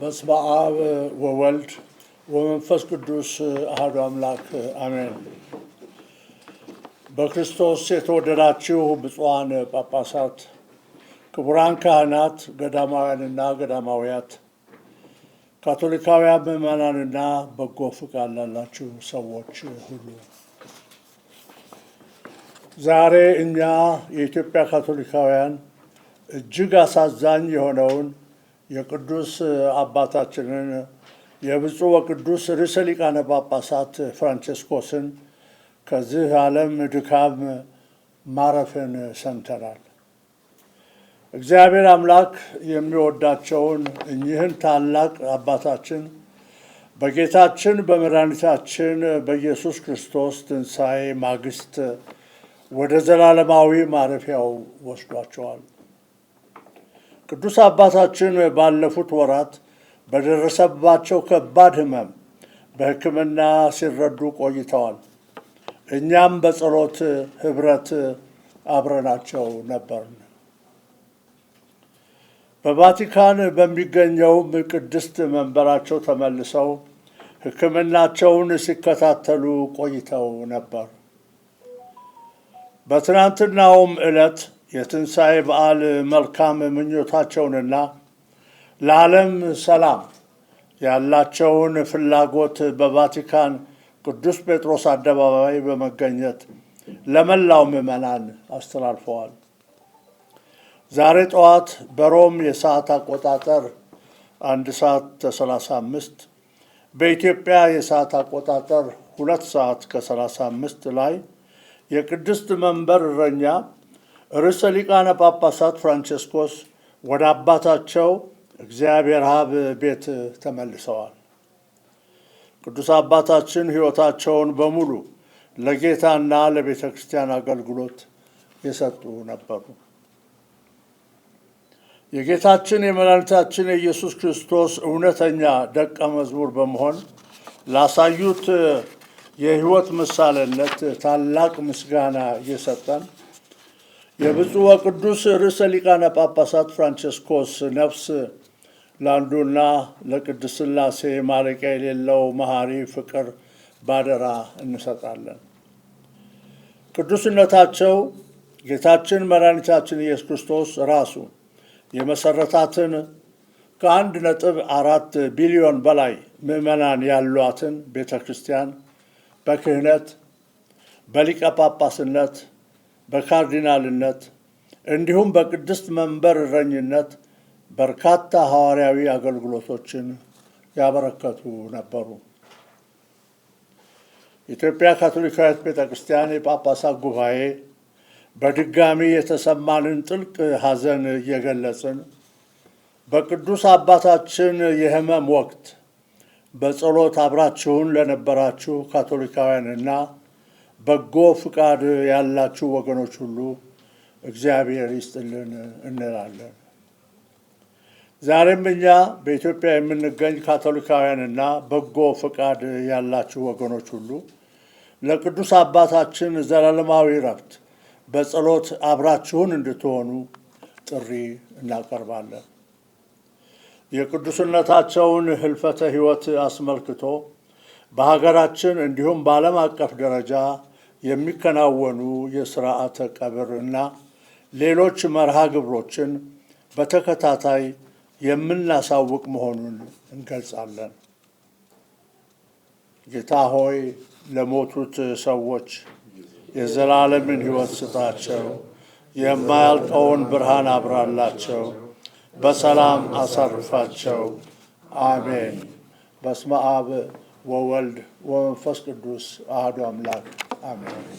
በስመ አብ ወወልድ ወመንፈስ ቅዱስ አህዶ አምላክ አሜን። በክርስቶስ የተወደዳችሁ ብፁዓን ጳጳሳት፣ ክቡራን ካህናት፣ ገዳማውያንና ገዳማውያት፣ ካቶሊካውያን ምዕመናንና በጎ ፍቃድ ላላችሁ ሰዎች ሁሉ ዛሬ እኛ የኢትዮጵያ ካቶሊካውያን እጅግ አሳዛኝ የሆነውን የቅዱስ አባታችንን የብፁዕ ወቅዱስ ርዕሰ ሊቃነ ጳጳሳት ፍራንቼስኮስን ከዚህ ዓለም ድካም ማረፍን ሰምተናል። እግዚአብሔር አምላክ የሚወዳቸውን እኚህን ታላቅ አባታችን በጌታችን በመድኃኒታችን በኢየሱስ ክርስቶስ ትንሣኤ ማግስት ወደ ዘላለማዊ ማረፊያው ወስዷቸዋል። ቅዱስ አባታችን ባለፉት ወራት በደረሰባቸው ከባድ ህመም በሕክምና ሲረዱ ቆይተዋል። እኛም በጸሎት ኅብረት አብረናቸው ነበር። በቫቲካን በሚገኘውም ቅድስት መንበራቸው ተመልሰው ሕክምናቸውን ሲከታተሉ ቆይተው ነበር። በትናንትናውም ዕለት የትንሣኤ በዓል መልካም ምኞታቸውንና ለዓለም ሰላም ያላቸውን ፍላጎት በቫቲካን ቅዱስ ጴጥሮስ አደባባይ በመገኘት ለመላው ምዕመናን አስተላልፈዋል። ዛሬ ጠዋት በሮም የሰዓት አቆጣጠር አንድ ሰዓት ከሰላሳ አምስት በኢትዮጵያ የሰዓት አቆጣጠር ሁለት ሰዓት ከሰላሳ አምስት ላይ የቅድስት መንበር እረኛ ርዕሰ ሊቃነ ጳጳሳት ፍራንቸስኮስ ወደ አባታቸው እግዚአብሔር አብ ቤት ተመልሰዋል። ቅዱስ አባታችን ሕይወታቸውን በሙሉ ለጌታና ለቤተ ክርስቲያን አገልግሎት የሰጡ ነበሩ። የጌታችን የመድኃኒታችን የኢየሱስ ክርስቶስ እውነተኛ ደቀ መዝሙር በመሆን ላሳዩት የሕይወት ምሳሌነት ታላቅ ምስጋና እየሰጠን የብፁዕ ወቅዱስ ርዕሰ ሊቃነ ጳጳሳት ፍራንቸስኮስ ነፍስ ለአንዱና ለቅድስት ሥላሴ ማለቂያ የሌለው መሐሪ ፍቅር ባደራ እንሰጣለን። ቅዱስነታቸው ጌታችን መድኃኒታችን ኢየሱስ ክርስቶስ ራሱ የመሰረታትን ከአንድ ነጥብ አራት ቢሊዮን በላይ ምዕመናን ያሏትን ቤተ ክርስቲያን በክህነት በሊቀ ጳጳስነት በካርዲናልነት እንዲሁም በቅድስት መንበር እረኝነት በርካታ ሐዋርያዊ አገልግሎቶችን ያበረከቱ ነበሩ። ኢትዮጵያ ካቶሊካዊት ቤተ ክርስቲያን የጳጳሳት ጉባኤ በድጋሚ የተሰማንን ጥልቅ ሐዘን እየገለጽን በቅዱስ አባታችን የሕመም ወቅት በጸሎት አብራችሁን ለነበራችሁ ካቶሊካውያንና በጎ ፍቃድ ያላችሁ ወገኖች ሁሉ እግዚአብሔር ይስጥልን እንላለን። ዛሬም እኛ በኢትዮጵያ የምንገኝ ካቶሊካውያንና በጎ ፍቃድ ያላችሁ ወገኖች ሁሉ ለቅዱስ አባታችን ዘላለማዊ ረፍት በጸሎት አብራችሁን እንድትሆኑ ጥሪ እናቀርባለን። የቅዱስነታቸውን ህልፈተ ሕይወት አስመልክቶ በሀገራችን እንዲሁም በዓለም አቀፍ ደረጃ የሚከናወኑ የስርዓተ ቀብር እና ሌሎች መርሃ ግብሮችን በተከታታይ የምናሳውቅ መሆኑን እንገልጻለን። ጌታ ሆይ ለሞቱት ሰዎች የዘላለምን ሕይወት ስጣቸው፣ የማያልቀውን ብርሃን አብራላቸው፣ በሰላም አሳርፋቸው። አሜን። በስመ አብ ወወልድ ወመንፈስ ቅዱስ አህዶ አምላክ አሜን።